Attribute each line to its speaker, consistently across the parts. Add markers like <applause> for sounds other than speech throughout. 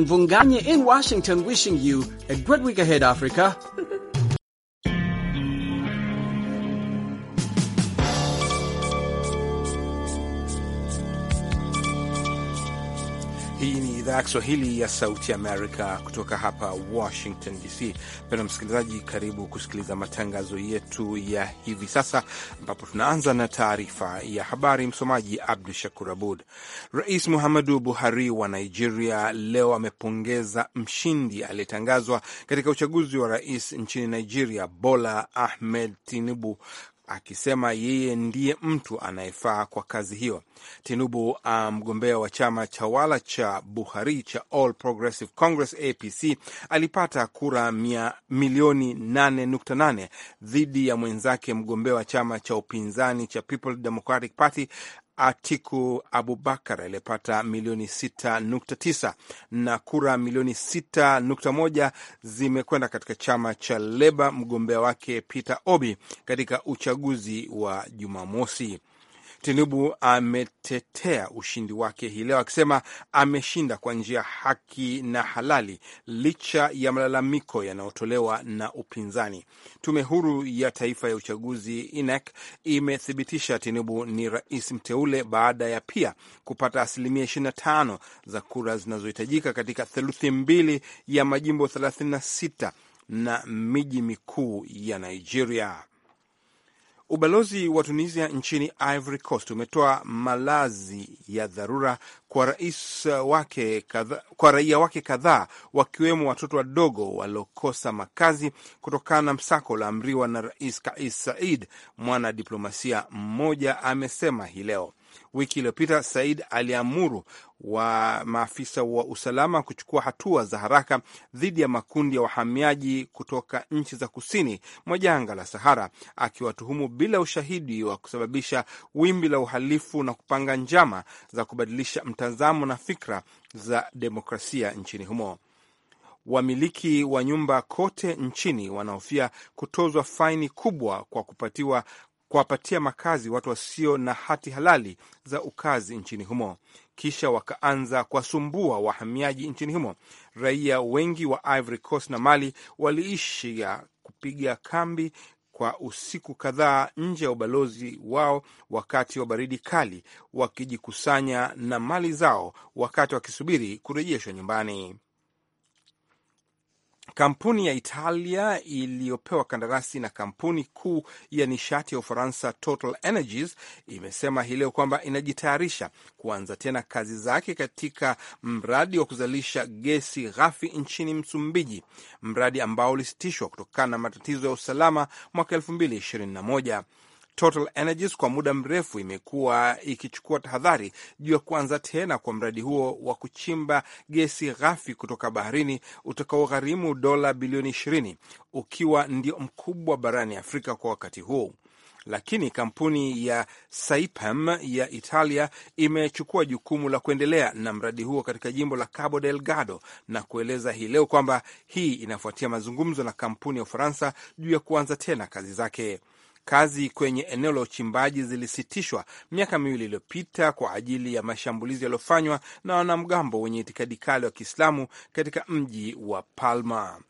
Speaker 1: Vunganya in Washington wishing you a great week ahead, Africa.
Speaker 2: idhaa ya Kiswahili ya Sauti Amerika kutoka hapa Washington DC. Mpendwa msikilizaji, karibu kusikiliza matangazo yetu ya hivi sasa, ambapo tunaanza na taarifa ya habari. Msomaji Abdu Shakur Abud. Rais Muhammadu Buhari wa Nigeria leo amepongeza mshindi aliyetangazwa katika uchaguzi wa rais nchini Nigeria, Bola Ahmed Tinubu akisema yeye ndiye mtu anayefaa kwa kazi hiyo. Tinubu, ah, mgombea um, wa chama wala cha Buhari cha All Progressive Congress APC, alipata kura mia, milioni 8.8 dhidi ya mwenzake mgombea wa chama cha upinzani cha People Democratic Party Atiku Abubakar aliyepata milioni 6.9 na kura milioni 6.1 zimekwenda katika chama cha Leba, mgombea wake Peter Obi katika uchaguzi wa Jumamosi. Tinubu ametetea ushindi wake hii leo akisema ameshinda kwa njia haki na halali licha ya malalamiko yanayotolewa na upinzani. Tume huru ya taifa ya uchaguzi INEC imethibitisha Tinubu ni rais mteule baada ya pia kupata asilimia 25 za kura zinazohitajika katika theluthi mbili ya majimbo 36 na miji mikuu ya Nigeria. Ubalozi wa Tunisia nchini Ivory Coast umetoa malazi ya dharura kwa rais wake kadha, kwa raia wake kadhaa wakiwemo watoto wadogo waliokosa makazi kutokana na msako ulioamriwa na Rais Kais Saied. Mwana diplomasia mmoja amesema hii leo Wiki iliyopita Said aliamuru wa maafisa wa usalama kuchukua hatua za haraka dhidi ya makundi ya wahamiaji kutoka nchi za kusini mwa jangwa la Sahara, akiwatuhumu bila ushahidi wa kusababisha wimbi la uhalifu na kupanga njama za kubadilisha mtazamo na fikra za demokrasia nchini humo. Wamiliki wa nyumba kote nchini wanahofia kutozwa faini kubwa kwa kupatiwa kuwapatia makazi watu wasio na hati halali za ukazi nchini humo, kisha wakaanza kuwasumbua wahamiaji nchini humo. Raia wengi wa Ivory Coast na Mali waliishi ya kupiga kambi kwa usiku kadhaa nje ya ubalozi wao wakati wa baridi kali, wakijikusanya na mali zao wakati wakisubiri kurejeshwa nyumbani. Kampuni ya Italia iliyopewa kandarasi na kampuni kuu ya nishati ya Ufaransa Total Energies imesema hii leo kwamba inajitayarisha kuanza tena kazi zake katika mradi wa kuzalisha gesi ghafi nchini Msumbiji, mradi ambao ulisitishwa kutokana na matatizo ya usalama mwaka 221 Total Energies kwa muda mrefu imekuwa ikichukua tahadhari juu ya kuanza tena kwa mradi huo wa kuchimba gesi ghafi kutoka baharini utakaogharimu dola bilioni 20 ukiwa ndio mkubwa barani Afrika kwa wakati huo. Lakini kampuni ya Saipem ya Italia imechukua jukumu la kuendelea na mradi huo katika jimbo la Cabo Delgado na kueleza hii leo kwamba hii inafuatia mazungumzo na kampuni ya Ufaransa juu ya kuanza tena kazi zake. Kazi kwenye eneo la uchimbaji zilisitishwa miaka miwili iliyopita kwa ajili ya mashambulizi yaliyofanywa na wanamgambo wenye itikadi kali wa Kiislamu katika mji wa Palma.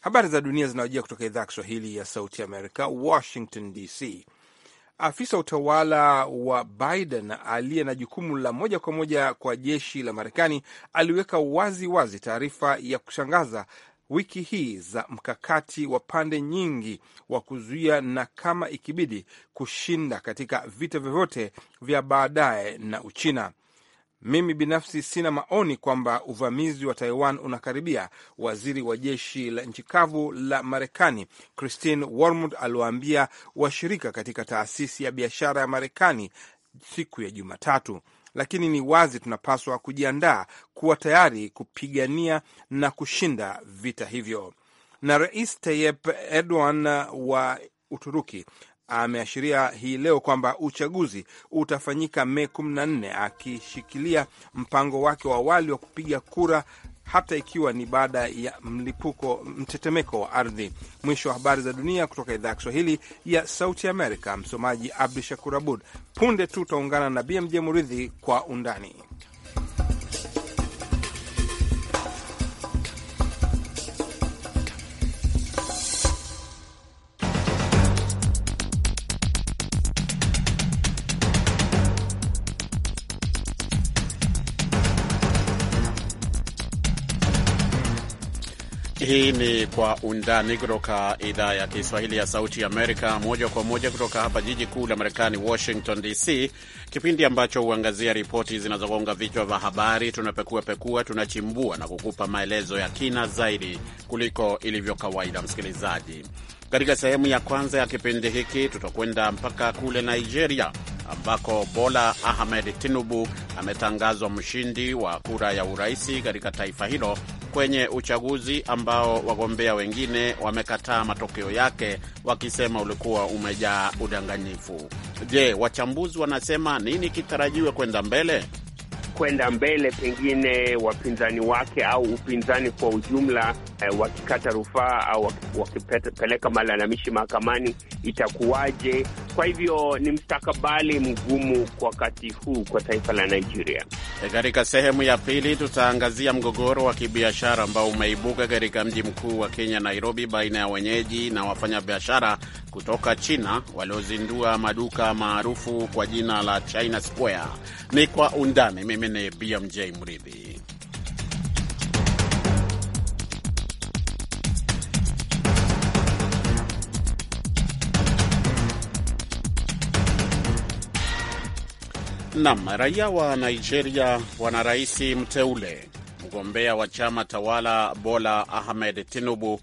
Speaker 2: Habari za dunia zinawajia kutoka idhaa ya Kiswahili ya Sauti Amerika, Washington DC. Afisa wa utawala wa Biden aliye na jukumu la moja kwa moja kwa jeshi la Marekani aliweka wazi wazi taarifa ya kushangaza wiki hii za mkakati wa pande nyingi wa kuzuia na kama ikibidi kushinda katika vita vyovyote vya baadaye na Uchina. Mimi binafsi sina maoni kwamba uvamizi wa Taiwan unakaribia, waziri wa jeshi la nchi kavu la Marekani Christine Wormud aliwaambia washirika katika taasisi ya biashara ya Marekani siku ya Jumatatu lakini ni wazi tunapaswa kujiandaa kuwa tayari kupigania na kushinda vita hivyo. Na Rais Tayyip Erdogan uh, wa Uturuki ameashiria hii leo kwamba uchaguzi utafanyika Mei 14 akishikilia mpango wake wa awali wa kupiga kura hata ikiwa ni baada ya mlipuko mtetemeko wa ardhi. Mwisho wa habari za dunia kutoka idhaa ya Kiswahili ya Sauti Amerika. Msomaji Abdu Shakur Abud. Punde tu utaungana na BMJ Muridhi kwa undani
Speaker 1: Kwa Undani kutoka idhaa ya Kiswahili ya Sauti ya Amerika, moja kwa moja kutoka hapa jiji kuu la Marekani, Washington DC, kipindi ambacho huangazia ripoti zinazogonga vichwa vya habari. Tunapekua pekua, tunachimbua na kukupa maelezo ya kina zaidi kuliko ilivyo kawaida. Msikilizaji, katika sehemu ya kwanza ya kipindi hiki tutakwenda mpaka kule Nigeria ambako Bola Ahmed Tinubu ametangazwa mshindi wa kura ya uraisi katika taifa hilo kwenye uchaguzi ambao wagombea wengine wamekataa matokeo yake wakisema ulikuwa umejaa udanganyifu. Je, wachambuzi wanasema nini kitarajiwe
Speaker 3: kwenda mbele? Kwenda mbele, pengine wapinzani wake au upinzani kwa ujumla eh, wakikata rufaa au wakipeleka malalamishi mahakamani itakuwaje? Kwa hivyo ni mstakabali mgumu kwa wakati huu kwa taifa la Nigeria.
Speaker 1: E, katika sehemu ya pili tutaangazia mgogoro wa kibiashara ambao umeibuka katika mji mkuu wa Kenya, Nairobi, baina ya wenyeji na wafanyabiashara kutoka China waliozindua maduka maarufu kwa jina la China Square. Ni kwa undani. Mimi ni BMJ Mridhi. Nam, raia wa Nigeria wana rais mteule. Mgombea wa chama tawala Bola Ahmed Tinubu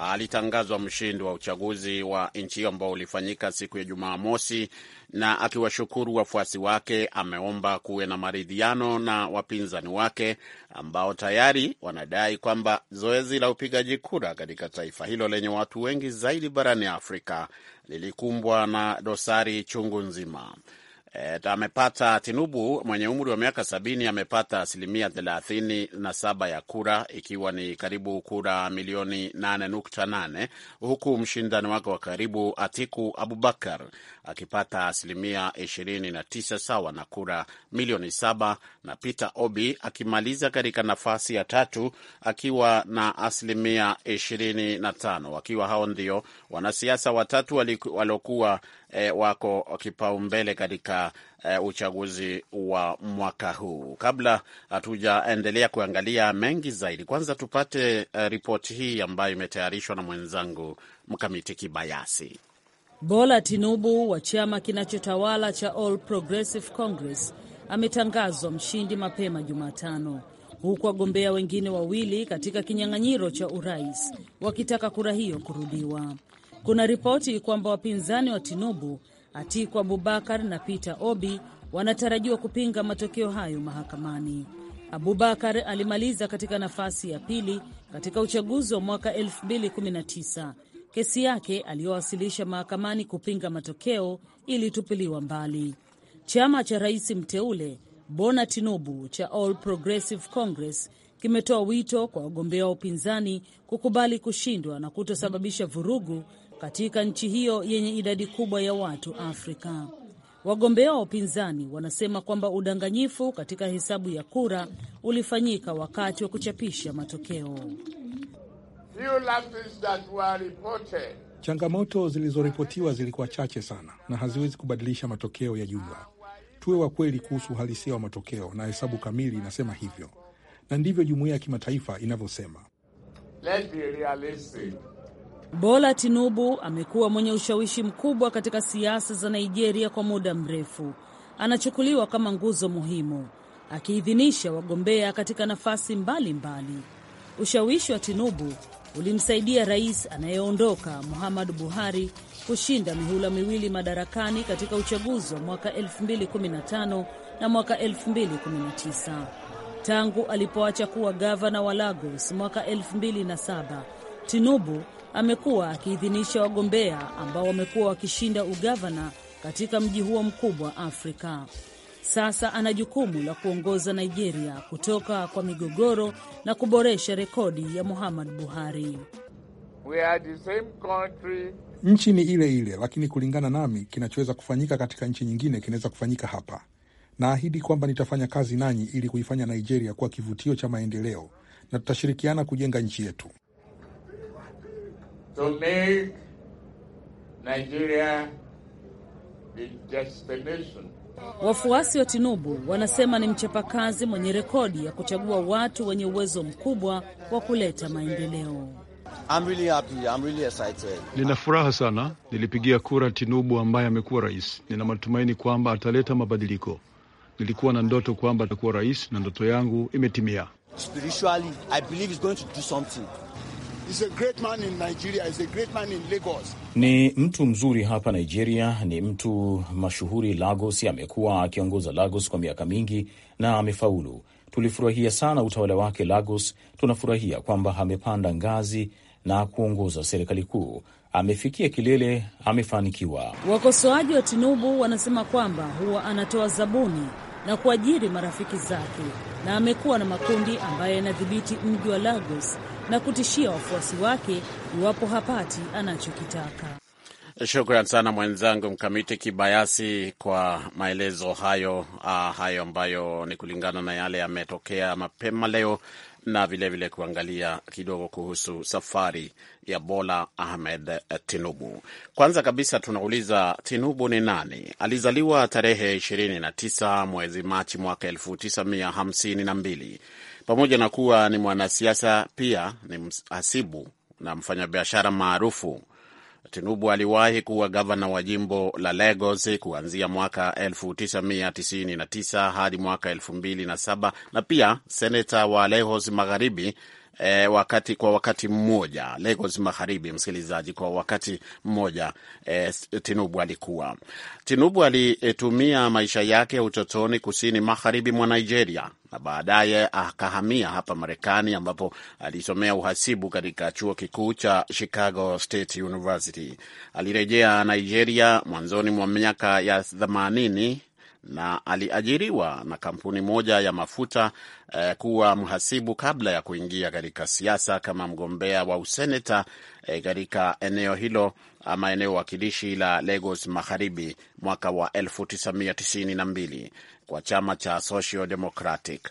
Speaker 1: alitangazwa mshindi wa uchaguzi wa nchi hiyo ambao ulifanyika siku ya Jumamosi, na akiwashukuru wafuasi wake, ameomba kuwe na maridhiano na wapinzani wake ambao tayari wanadai kwamba zoezi la upigaji kura katika taifa hilo lenye watu wengi zaidi barani Afrika lilikumbwa na dosari chungu nzima. E, amepata Tinubu mwenye umri wa miaka sabini amepata asilimia thelathini na saba ya kura ikiwa ni karibu kura milioni nane nukta nane huku mshindani wake wa karibu Atiku Abubakar akipata asilimia ishirini na tisa sawa na kura milioni saba na Peter Obi akimaliza katika nafasi ya tatu akiwa na asilimia ishirini na tano wakiwa hao ndio wanasiasa watatu waliokuwa e, wako kipaumbele katika e, uchaguzi wa mwaka huu. Kabla hatujaendelea kuangalia mengi zaidi, kwanza tupate e, ripoti hii ambayo imetayarishwa na mwenzangu Mkamiti Kibayasi.
Speaker 4: Bola Tinubu wa chama kinachotawala cha All Progressive Congress ametangazwa mshindi mapema Jumatano, huku wagombea wengine wawili katika kinyang'anyiro cha urais wakitaka kura hiyo kurudiwa. Kuna ripoti kwamba wapinzani wa Tinubu, Atiku Abubakar na Peter Obi, wanatarajiwa kupinga matokeo hayo mahakamani. Abubakar alimaliza katika nafasi ya pili katika uchaguzi wa mwaka 2019. Kesi yake aliyowasilisha mahakamani kupinga matokeo ilitupiliwa mbali. Chama cha rais mteule Bona Tinubu cha All Progressive Congress kimetoa wito kwa wagombea wa upinzani kukubali kushindwa na kutosababisha vurugu katika nchi hiyo yenye idadi kubwa ya watu Afrika. Wagombea wa upinzani wanasema kwamba udanganyifu katika hesabu ya kura ulifanyika wakati wa kuchapisha matokeo.
Speaker 2: Changamoto zilizoripotiwa zilikuwa chache sana na haziwezi kubadilisha matokeo ya jumla. Tuwe wa kweli kuhusu uhalisia wa matokeo, na hesabu kamili inasema hivyo, na ndivyo jumuiya ya kimataifa inavyosema. Let's be realistic. Bola Tinubu amekuwa mwenye
Speaker 4: ushawishi mkubwa katika siasa za Nigeria kwa muda mrefu. Anachukuliwa kama nguzo muhimu, akiidhinisha wagombea katika nafasi mbalimbali mbali. Ushawishi wa Tinubu ulimsaidia rais anayeondoka Muhammadu Buhari kushinda mihula miwili madarakani katika uchaguzi wa mwaka 2015 na mwaka 2019. Tangu alipoacha kuwa gavana wa Lagos mwaka 2007, Tinubu amekuwa akiidhinisha wagombea ambao wamekuwa wakishinda ugavana katika mji huo mkubwa Afrika. Sasa ana jukumu la kuongoza Nigeria kutoka kwa migogoro na kuboresha rekodi ya Muhammad Buhari.
Speaker 3: We are the same country.
Speaker 2: Nchi ni ile ile, lakini kulingana nami, kinachoweza kufanyika katika nchi nyingine kinaweza kufanyika hapa. Naahidi kwamba nitafanya kazi nanyi ili kuifanya Nigeria kuwa kivutio cha maendeleo na tutashirikiana kujenga nchi
Speaker 5: yetu.
Speaker 3: To make Nigeria the destination.
Speaker 4: Wafuasi wa Tinubu wanasema ni mchapakazi mwenye rekodi ya kuchagua watu wenye uwezo mkubwa wa kuleta maendeleo.
Speaker 6: I'm really happy. I'm really excited. Nina furaha sana, nilipigia kura Tinubu ambaye amekuwa rais. Nina matumaini kwamba ataleta mabadiliko. Nilikuwa na ndoto kwamba atakuwa rais na ndoto yangu imetimia.
Speaker 3: Spiritually, I believe he's
Speaker 2: going to do something.
Speaker 6: Ni
Speaker 5: mtu mzuri hapa Nigeria, ni mtu mashuhuri Lagos, amekuwa akiongoza Lagos kwa miaka mingi na amefaulu. Tulifurahia sana utawala wake Lagos, tunafurahia kwamba amepanda ngazi na kuongoza serikali kuu, amefikia kilele, amefanikiwa.
Speaker 4: Wakosoaji wa Tinubu wanasema kwamba huwa anatoa zabuni na kuajiri marafiki zake na amekuwa na makundi ambayo yanadhibiti mji wa Lagos na kutishia wafuasi wake iwapo hapati anachokitaka.
Speaker 1: Shukran sana mwenzangu Mkamiti Kibayasi kwa maelezo hayo, ah, hayo ambayo ni kulingana na yale yametokea mapema leo na vilevile vile kuangalia kidogo kuhusu safari ya Bola Ahmed Tinubu. Kwanza kabisa tunauliza Tinubu ni nani? Alizaliwa tarehe 29 mwezi Machi mwaka 1952 pamoja na kuwa ni mwanasiasa, pia ni mhasibu na mfanyabiashara maarufu. Tinubu aliwahi kuwa gavana wa jimbo la Lagos kuanzia mwaka 1999 hadi mwaka 2007 na pia seneta wa Lagos Magharibi e, wakati kwa wakati mmoja Lagos Magharibi, msikilizaji, kwa wakati mmoja e, Tinubu alikuwa Tinubu alitumia maisha yake ya utotoni kusini magharibi mwa Nigeria na baadaye akahamia hapa Marekani ambapo alisomea uhasibu katika chuo kikuu cha Chicago State University. Alirejea Nigeria mwanzoni mwa miaka ya themanini na aliajiriwa na kampuni moja ya mafuta eh, kuwa mhasibu kabla ya kuingia katika siasa kama mgombea wa useneta eh, katika eneo hilo ama eneo wakilishi la Lagos Magharibi mwaka wa 1992 kwa chama cha Social Democratic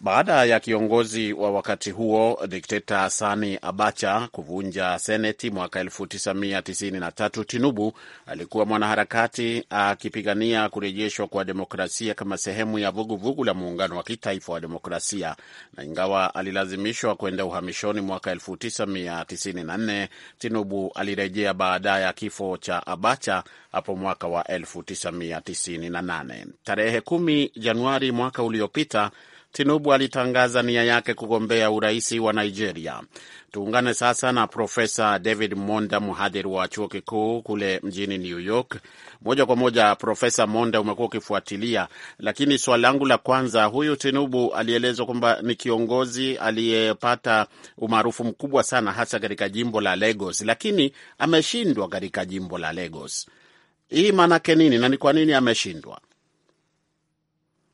Speaker 1: baada ya kiongozi wa wakati huo dikteta sani Abacha kuvunja seneti mwaka 1993, Tinubu alikuwa mwanaharakati akipigania kurejeshwa kwa demokrasia kama sehemu ya vuguvugu vugu la muungano wa kitaifa wa demokrasia, na ingawa alilazimishwa kwenda uhamishoni mwaka 1994, Tinubu alirejea baada ya kifo cha Abacha hapo mwaka wa 1998. Tarehe 10 Januari mwaka uliopita Tinubu alitangaza nia yake kugombea urais wa Nigeria. Tuungane sasa na Profesa David Monda, mhadhiri wa chuo kikuu kule mjini New York. Moja kwa moja, Profesa Monda, umekuwa ukifuatilia, lakini swali langu la kwanza, huyu Tinubu alielezwa kwamba ni kiongozi aliyepata umaarufu mkubwa sana, hasa katika jimbo la Lagos, lakini ameshindwa katika jimbo la Lagos. Hii maanake nini na ni kwa nini ameshindwa?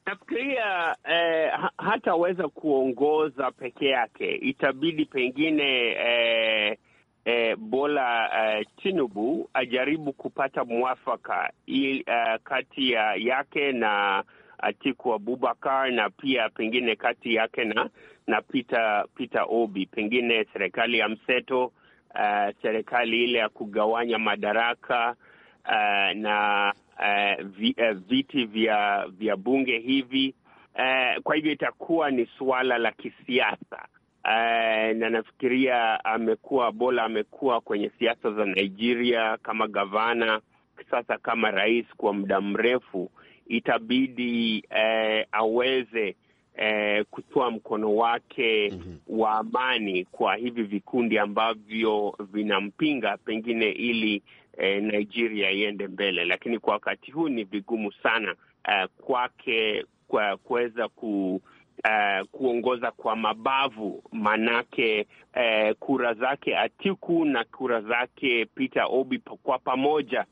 Speaker 3: Nafikiria eh, hataweza kuongoza peke yake, itabidi pengine eh, eh, Bola eh, Tinubu ajaribu kupata mwafaka eh, kati ya yake na Atiku Abubakar na pia pengine kati yake na na Peter, Peter Obi, pengine serikali ya mseto, uh, serikali ile ya kugawanya madaraka uh, na uh, vi, uh, viti vya vya bunge hivi uh, kwa hivyo itakuwa ni suala la kisiasa uh, na nafikiria amekuwa Bola amekuwa kwenye siasa za Nigeria kama gavana, sasa kama rais kwa muda mrefu, itabidi uh, aweze Eh, kutoa mkono wake mm -hmm. wa amani kwa hivi vikundi ambavyo vinampinga, pengine ili e, Nigeria iende mbele, lakini kwa wakati huu ni vigumu sana uh, kwake kwa kuweza ku Uh, kuongoza kwa mabavu manake, uh, kura zake Atiku na kura zake Peter Obi kwa pamoja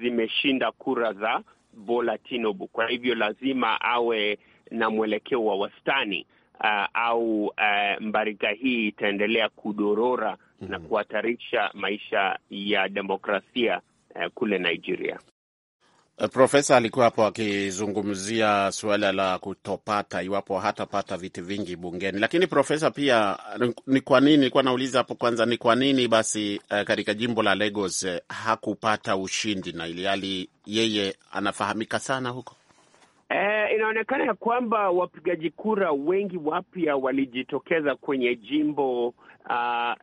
Speaker 3: zimeshinda kura za Bola Tinubu. Kwa hivyo lazima awe na mwelekeo wa wastani uh, au uh, mbarika hii itaendelea kudorora na mm-hmm. kuhatarisha maisha ya demokrasia eh, kule Nigeria.
Speaker 1: Eh, profesa alikuwa hapo akizungumzia suala la kutopata iwapo hatapata viti vingi bungeni. Lakini profesa, pia ni kwa nini, nilikuwa nauliza hapo kwanza, ni kwa nini basi eh, katika jimbo la Lagos eh, hakupata ushindi na ilihali yeye anafahamika sana huko?
Speaker 3: Eh, inaonekana ya kwamba wapigaji kura wengi wapya walijitokeza kwenye jimbo uh,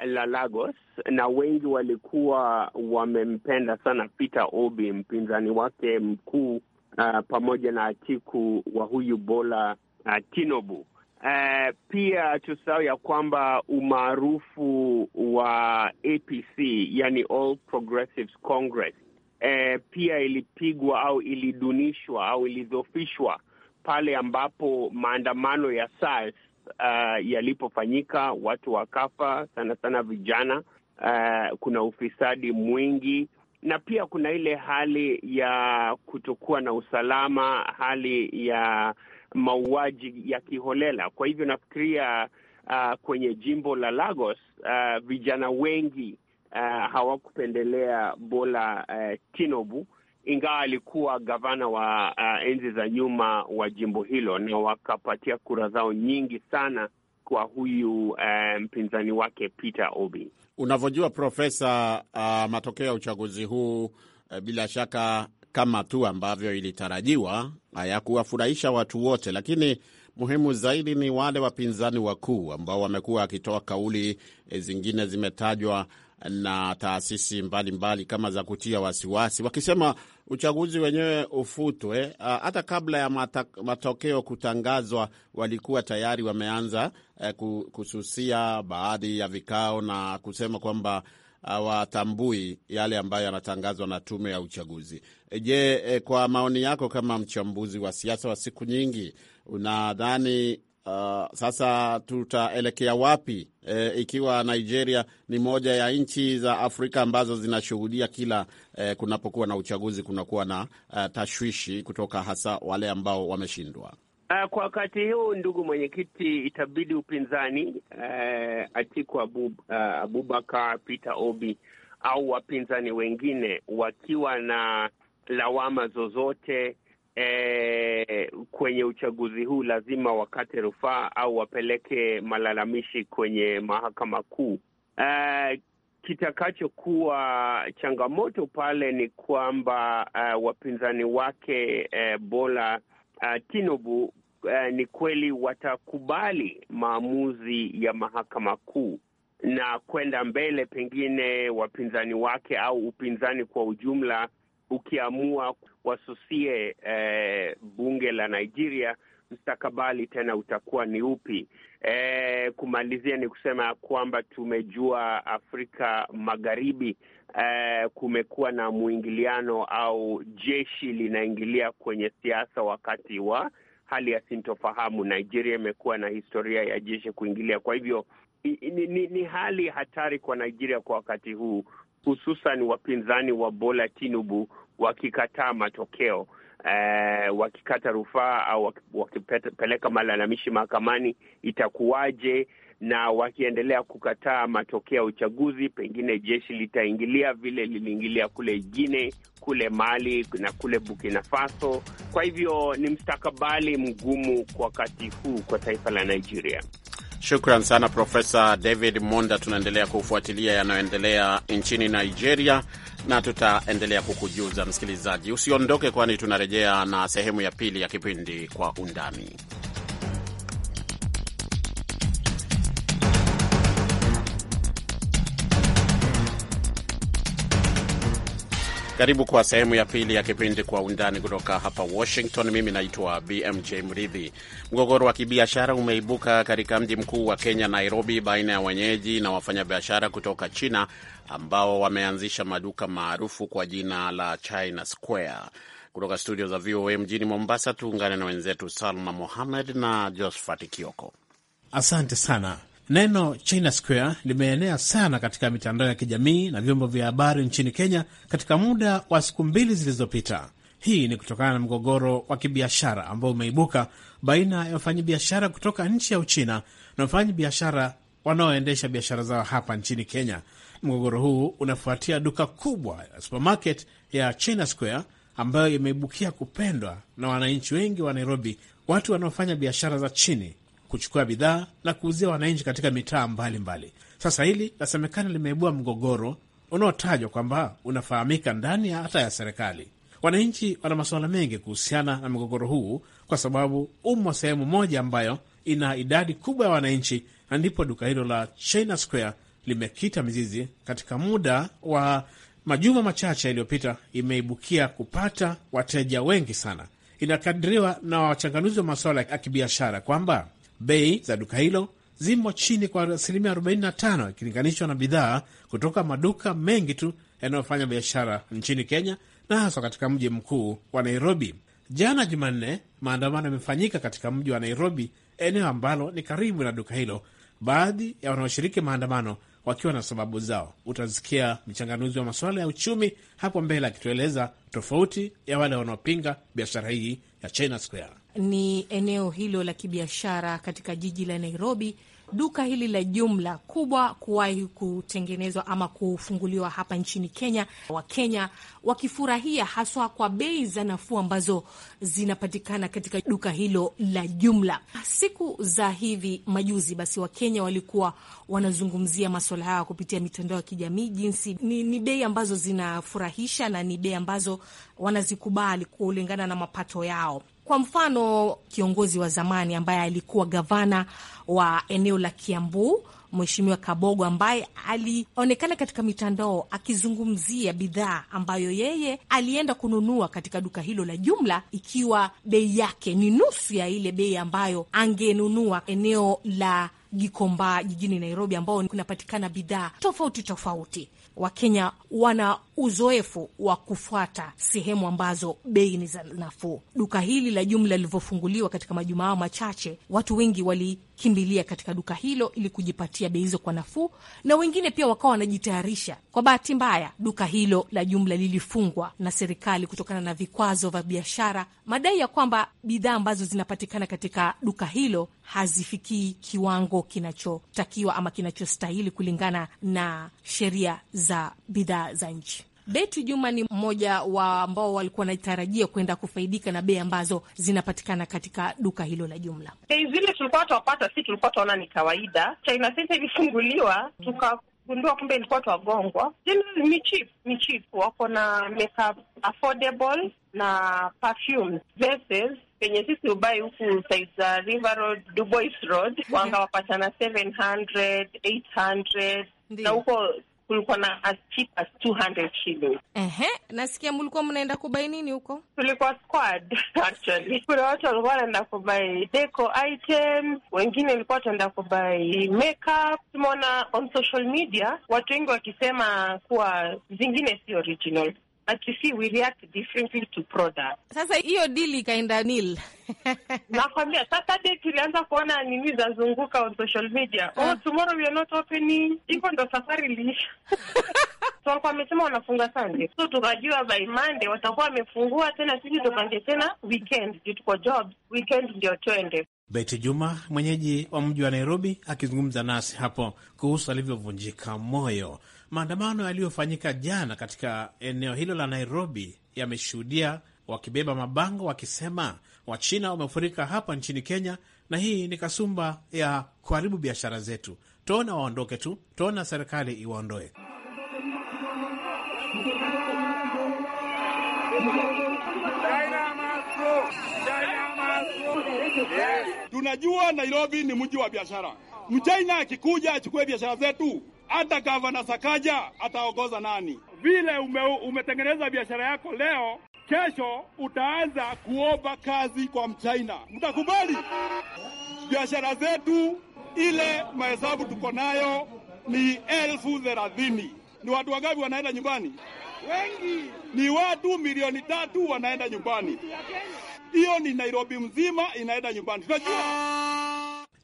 Speaker 3: la Lagos na wengi walikuwa wamempenda sana Peter Obi, mpinzani wake mkuu uh, pamoja na Atiku wa huyu Bola uh, ah, Tinubu. Uh, eh, pia tusahau ya kwamba umaarufu wa APC yani All Progressives Congress eh, pia ilipigwa au ilidunishwa au ilidhofishwa pale ambapo maandamano ya SARS uh, yalipofanyika, watu wakafa sana sana vijana. Uh, kuna ufisadi mwingi na pia kuna ile hali ya kutokuwa na usalama, hali ya mauaji ya kiholela. Kwa hivyo nafikiria uh, kwenye jimbo la Lagos uh, vijana wengi uh, hawakupendelea Bola uh, Tinobu ingawa alikuwa gavana wa uh, enzi za nyuma wa jimbo hilo, na wakapatia kura zao nyingi sana kwa huyu uh, mpinzani wake Peter Obi.
Speaker 1: Unavyojua Profesa, uh, matokeo ya uchaguzi huu uh, bila shaka kama tu ambavyo ilitarajiwa hayakuwafurahisha watu wote, lakini muhimu zaidi ni wale wapinzani wakuu ambao wamekuwa wakitoa kauli zingine zimetajwa na taasisi mbalimbali mbali kama za kutia wasiwasi, wakisema uchaguzi wenyewe ufutwe. Eh, hata kabla ya matokeo kutangazwa walikuwa tayari wameanza eh, kususia baadhi ya vikao na kusema kwamba ah, hawatambui yale ambayo yanatangazwa na tume ya uchaguzi. Eh, je, kwa maoni yako kama mchambuzi wa siasa wa siku nyingi, unadhani Uh, sasa tutaelekea wapi e, ikiwa Nigeria ni moja ya nchi za Afrika ambazo zinashuhudia kila e, kunapokuwa na uchaguzi kunakuwa na uh, tashwishi kutoka hasa wale ambao wameshindwa.
Speaker 3: Uh, kwa wakati huu, ndugu mwenyekiti, itabidi upinzani uh, Atiku Abub, uh, Abubakar, Peter Obi au wapinzani wengine wakiwa na lawama zozote e, kwenye uchaguzi huu lazima wakate rufaa au wapeleke malalamishi kwenye mahakama kuu. E, kitakachokuwa changamoto pale ni kwamba uh, wapinzani wake uh, Bola uh, Tinubu uh, ni kweli watakubali maamuzi ya mahakama kuu na kwenda mbele, pengine wapinzani wake au upinzani kwa ujumla ukiamua wasusie eh, bunge la Nigeria, mstakabali tena utakuwa ni upi? Eh, kumalizia ni kusema ya kwamba tumejua Afrika Magharibi eh, kumekuwa na mwingiliano au jeshi linaingilia kwenye siasa wakati wa hali ya sintofahamu. Nigeria imekuwa na historia ya jeshi kuingilia, kwa hivyo ni, ni, ni hali hatari kwa Nigeria kwa wakati huu, hususan wapinzani wa Bola Tinubu wakikataa matokeo eh, wakikata rufaa au wakipeleka malalamishi mahakamani itakuwaje? Na wakiendelea kukataa matokeo ya uchaguzi, pengine jeshi litaingilia vile liliingilia kule Jine, kule Mali na kule Burkina Faso. Kwa hivyo ni mstakabali mgumu kwa wakati huu kwa taifa la Nigeria.
Speaker 1: Shukran sana Profesa David Monda. Tunaendelea kufuatilia yanayoendelea nchini Nigeria na tutaendelea kukujuza msikilizaji. Usiondoke, kwani tunarejea na sehemu ya pili ya kipindi Kwa Undani. Karibu kwa sehemu ya pili ya kipindi Kwa Undani kutoka hapa Washington. Mimi naitwa BMJ Mridhi. Mgogoro wa kibiashara umeibuka katika mji mkuu wa Kenya, Nairobi, baina ya wenyeji na wafanyabiashara kutoka China ambao wameanzisha maduka maarufu kwa jina la China Square. Kutoka studio za VOA mjini Mombasa, tuungane na wenzetu Salma Mohamed na Josphat Kioko.
Speaker 5: Asante sana. Neno China Square limeenea sana katika mitandao ya kijamii na vyombo vya habari nchini Kenya katika muda wa siku mbili zilizopita. Hii ni kutokana na mgogoro wa kibiashara ambao umeibuka baina ya wafanyabiashara kutoka nchi ya Uchina na wafanyabiashara wanaoendesha biashara zao hapa nchini Kenya. Mgogoro huu unafuatia duka kubwa ya supermarket ya China Square ambayo imeibukia kupendwa na wananchi wengi wa Nairobi, watu wanaofanya biashara za chini kuchukua bidhaa na kuuzia wananchi katika mitaa mbalimbali. Sasa hili lasemekana limeibua mgogoro unaotajwa kwamba unafahamika ndani ya hata ya serikali. Wananchi wana masuala mengi kuhusiana na mgogoro huu, kwa sababu umo sehemu moja ambayo ina idadi kubwa ya wananchi, na ndipo duka hilo la China Square limekita mizizi katika muda wa majuma machache yaliyopita, imeibukia kupata wateja wengi sana. Inakadiriwa na wachanganuzi wa masuala ya kibiashara kwamba Bei za duka hilo zimo chini kwa asilimia 45 ikilinganishwa na bidhaa kutoka maduka mengi tu yanayofanya biashara nchini Kenya na haswa katika mji mkuu wa Nairobi. Jana Jumanne, maandamano yamefanyika katika mji wa Nairobi, eneo ambalo ni karibu na duka hilo, baadhi ya wanaoshiriki maandamano wakiwa na sababu zao. Utasikia mchanganuzi wa masuala ya uchumi hapo mbele akitueleza tofauti ya wale wanaopinga biashara hii ya China Square
Speaker 7: ni eneo hilo la kibiashara katika jiji la Nairobi. Duka hili la jumla kubwa kuwahi kutengenezwa ama kufunguliwa hapa nchini Kenya, Wakenya wakifurahia haswa kwa bei za nafuu ambazo zinapatikana katika duka hilo la jumla. Siku za hivi majuzi, basi Wakenya walikuwa wanazungumzia maswala haya kupitia mitandao ya kijamii, jinsi ni, ni bei ambazo zinafurahisha na ni bei ambazo wanazikubali kulingana na mapato yao. Kwa mfano, kiongozi wa zamani ambaye alikuwa gavana wa eneo la Kiambu Mheshimiwa Kabogo ambaye alionekana katika mitandao akizungumzia bidhaa ambayo yeye alienda kununua katika duka hilo la jumla, ikiwa bei yake ni nusu ya ile bei ambayo angenunua eneo la Gikomba jijini Nairobi, ambao kunapatikana bidhaa tofauti tofauti. Wakenya wana uzoefu wa kufuata sehemu ambazo bei ni za nafuu. Duka hili la jumla lilivyofunguliwa katika majumaa machache, watu wengi walikimbilia katika duka hilo ili kujipatia bei hizo kwa nafuu, na wengine pia wakawa wanajitayarisha. Kwa bahati mbaya, duka hilo la jumla lilifungwa na serikali kutokana na vikwazo vya biashara, madai ya kwamba bidhaa ambazo zinapatikana katika duka hilo hazifikii kiwango kinachotakiwa ama kinachostahili kulingana na sheria za bidhaa za nchi. Betty Juma ni mmoja wa ambao walikuwa wanatarajia kwenda kufaidika na bei ambazo zinapatikana katika duka
Speaker 8: hilo la jumla. Hey, zile tulikuwa tuwapata, si tulikuwa tunaona ni kawaida. China sasa ilifunguliwa tuka gundua kumbe ilikuwa twagongwa. ni cheap, ni cheap, wako na makeup affordable na perfume versus penye sisi ubai huku side za River Road, Dubois Road <laughs> wanga wapatana 700, 800 na huko kulikuwa na as cheap as 200 shillings. Ehe, nasikia mlikuwa mnaenda kubai nini huko? Tulikuwa squad <laughs> actually, kuna watu walikuwa wanaenda kubai deco item, wengine walikuwa wataenda kubai makeup. Tumeona on social media watu wengi wakisema kuwa zingine si original But you see, we react differently to product. Sasa hiyo dili ikaenda nil. <laughs> Nakwambia sasa de tulianza kuona nini zazunguka on social media. Ah. Oh, tomorrow we are not opening. Iko ndo safari liisha <laughs> So walikuwa wamesema wanafunga sande So tukajua by Monday watakuwa wamefungua tena, sisi tupange tena weekend. Juu tuko job, weekend ndio twende.
Speaker 5: Beti Juma, mwenyeji wa mji wa Nairobi, akizungumza nasi hapo kuhusu alivyovunjika moyo. Maandamano yaliyofanyika jana katika eneo hilo la Nairobi yameshuhudia wakibeba mabango wakisema Wachina wamefurika hapa nchini Kenya na hii ni kasumba ya kuharibu biashara zetu, tona waondoke tu, tona serikali iwaondoe.
Speaker 8: <laughs>
Speaker 2: Tunajua Nairobi ni mji wa biashara. Mchaina akikuja achukue biashara zetu, hata gavana Sakaja ataongoza nani? Vile ume, umetengeneza biashara yako leo, kesho utaanza kuomba kazi kwa Mchaina. Mtakubali biashara zetu? Ile mahesabu tuko nayo ni elfu thelathini. Ni watu wangapi wanaenda nyumbani? wengi ni watu milioni tatu wanaenda nyumbani.
Speaker 5: Hiyo ni Nairobi mzima inaenda nyumbani, tunajua.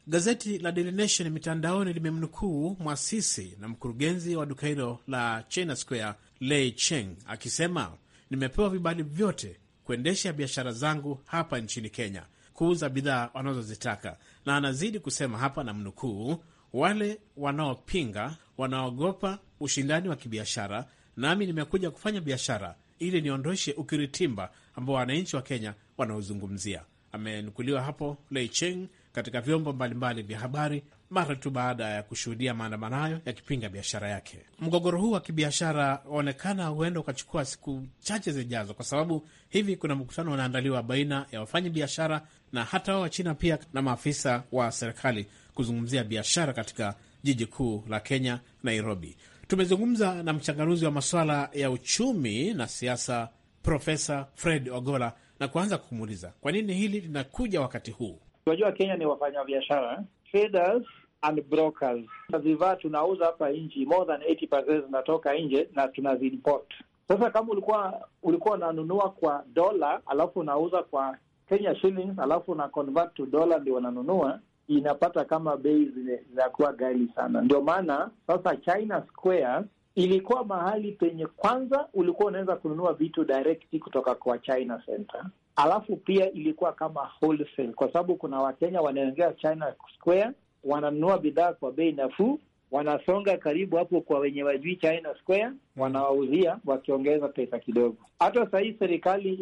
Speaker 5: Gazeti la Daily Nation mitandaoni limemnukuu mwasisi na mkurugenzi wa duka hilo la China Square, Lei Cheng, akisema nimepewa vibali vyote kuendesha biashara zangu hapa nchini Kenya, kuuza bidhaa wanazozitaka. Na anazidi kusema hapa, na mnukuu, wale wanaopinga wanaogopa ushindani wa kibiashara nami nimekuja kufanya biashara ili niondoshe ukiritimba ambao wananchi wa Kenya wanaozungumzia. Amenukuliwa hapo Leicheng katika vyombo mbalimbali vya habari mara tu baada ya kushuhudia maandamano hayo yakipinga biashara yake. Mgogoro huu wa kibiashara waonekana huenda ukachukua siku chache zijazo, kwa sababu hivi kuna mkutano unaandaliwa baina ya wafanyi biashara na hata wao wa China pia na maafisa wa serikali kuzungumzia biashara katika jiji kuu la Kenya, Nairobi. Tumezungumza na mchanganuzi wa masuala ya uchumi na siasa Profesa Fred Ogola na kuanza kumuuliza kwa nini hili linakuja wakati huu.
Speaker 6: Unajua, Kenya ni wafanyabiashara, traders and brokers. Vifaa tunauza hapa nji more than 80% zinatoka nje na tunaziimport. Sasa kama ulikuwa ulikuwa unanunua kwa dola alafu unauza kwa Kenya shillings alafu una convert to dola ndio wananunua inapata kama bei zinakuwa ghali sana. Ndio maana sasa China Square ilikuwa mahali penye kwanza ulikuwa unaweza kununua vitu direct kutoka kwa China Center, alafu pia ilikuwa kama wholesale, kwa sababu kuna Wakenya wanaongea China Square wananunua bidhaa kwa bei nafuu, wanasonga karibu hapo kwa wenye wajui China Square wanawauzia wakiongeza pesa kidogo. Hata sahii serikali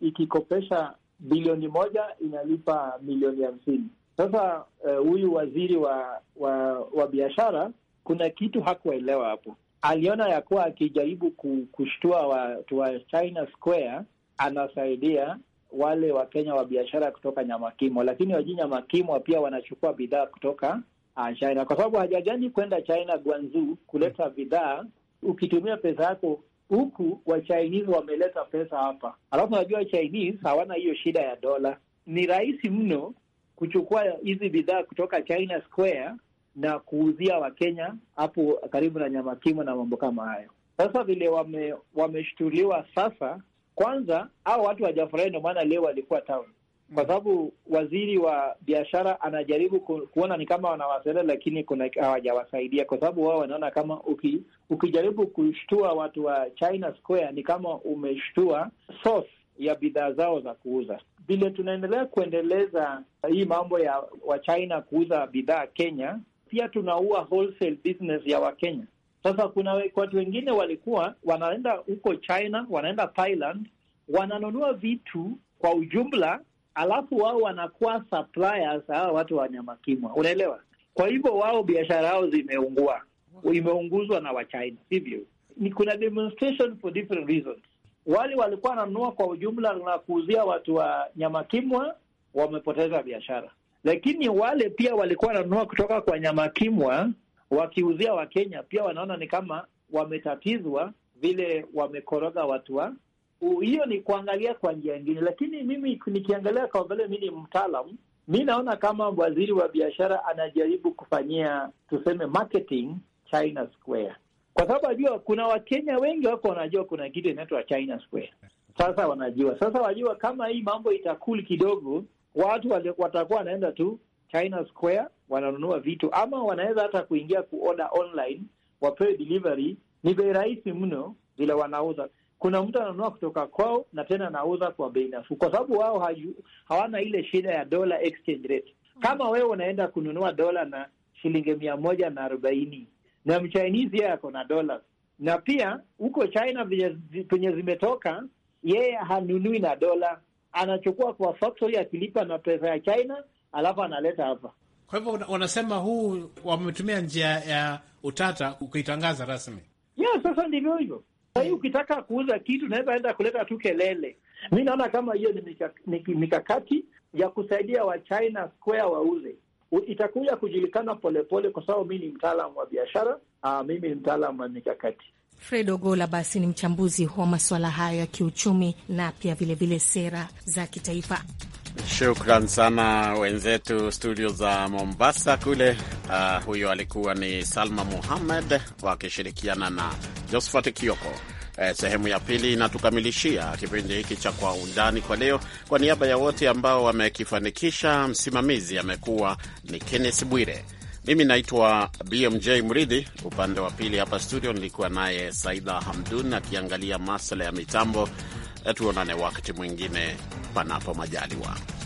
Speaker 6: ikikopesha iki bilioni moja inalipa milioni hamsini sasa eh, huyu uh, waziri wa wa, wa biashara, kuna kitu hakuelewa hapo. Aliona ya kuwa akijaribu kushtua watu wa China Square anasaidia wale Wakenya wa biashara kutoka Nyamakimo, lakini wajui Nyamakimo pia wanachukua bidhaa kutoka ah, China kwa sababu hajagani kwenda China guanzu kuleta bidhaa ukitumia pesa yako huku wa Chinese wameleta pesa hapa, alafu unajua Chinese hawana hiyo shida ya dola. Ni rahisi mno kuchukua hizi bidhaa kutoka China Square na kuuzia Wakenya hapo karibu na kimwa na mambo kama hayo. Sasa vile wame, wameshtuliwa sasa, kwanza hao watu wajafurahi, ndio maana leo walikuwa town, kwa mm. sababu waziri wa biashara anajaribu ku, kuona ni kama wanawasaidia, lakini kuna hawajawasaidia, kwa sababu wao wanaona kama uki, ukijaribu kushtua watu wa China Square ni kama umeshtua source ya bidhaa zao za kuuza. Vile tunaendelea kuendeleza hii mambo ya Wachina kuuza bidhaa Kenya, pia tunaua wholesale business ya Wakenya. Sasa kuna watu wengine walikuwa wanaenda huko China, wanaenda Thailand, wananunua vitu kwa ujumla, alafu wao wanakuwa suppliers hawa watu wa unaelewa? Kwa hivyo wao biashara yao zimeungua, imeunguzwa na Wachina, sivyo? Ni kuna demonstration for different reasons wale walikuwa wananunua kwa ujumla na kuuzia watu wa Nyamakimwa wamepoteza biashara, lakini wale pia walikuwa wananunua kutoka kwa Nyamakimwa wakiuzia Wakenya pia wanaona ni kama wametatizwa vile wamekoroga watu wa hiyo ni kuangalia kwa njia ingine, lakini mimi nikiangalia kwa vile mi ni mtaalam, mi naona kama waziri wa biashara anajaribu kufanyia tuseme marketing China Square kwa sababu wajua kuna Wakenya wengi wako wanajua kuna kitu inaitwa China Square. Sasa wanajua sasa, wajua kama hii mambo itakuli kidogo, watu watakuwa wanaenda tu China Square wananunua vitu, ama wanaweza hata kuingia kuoda online, wapewe delivery. Ni bei rahisi mno vile wanauza. Kuna mtu ananunua kutoka kwao na tena anauza kwa bei nafuu, kwa sababu wao hawana ile shida ya dollar exchange rate. Kama wewe unaenda kununua dola na shilingi mia moja na arobaini na mchinese yeye ako na dollars, na pia huko China penye zimetoka yeye hanunui na dola, anachukua kwa factory akilipa na pesa ya China alafu analeta hapa.
Speaker 5: Kwa hivyo wanasema huu wametumia njia ya utata ukitangaza rasmi.
Speaker 6: Yeah, sasa ndivyo hivyo. Sahii ukitaka kuuza kitu unaweza enda kuleta tu kelele. Mi naona kama hiyo ni mikakati ya kusaidia Wachina square wauze itakuja kujulikana polepole, kwa sababu mi ni mtaalam wa biashara, ah, mimi ni mtaalam wa mikakati.
Speaker 7: Fred Ogola basi ni mchambuzi wa masuala hayo ya kiuchumi na pia vilevile sera za kitaifa.
Speaker 1: Shukran sana wenzetu studio za Mombasa kule. Uh, huyo alikuwa ni Salma Muhammed wakishirikiana na Josphat Kioko eh, sehemu ya pili inatukamilishia kipindi hiki cha Kwa Undani kwa leo. Kwa niaba ya wote ambao wamekifanikisha, msimamizi amekuwa ni Kenneth Bwire, mimi naitwa BMJ Mridhi. Upande wa pili hapa studio nilikuwa naye Saida Hamdun akiangalia masala ya mitambo. Eh, tuonane wakati mwingine, panapo majaliwa.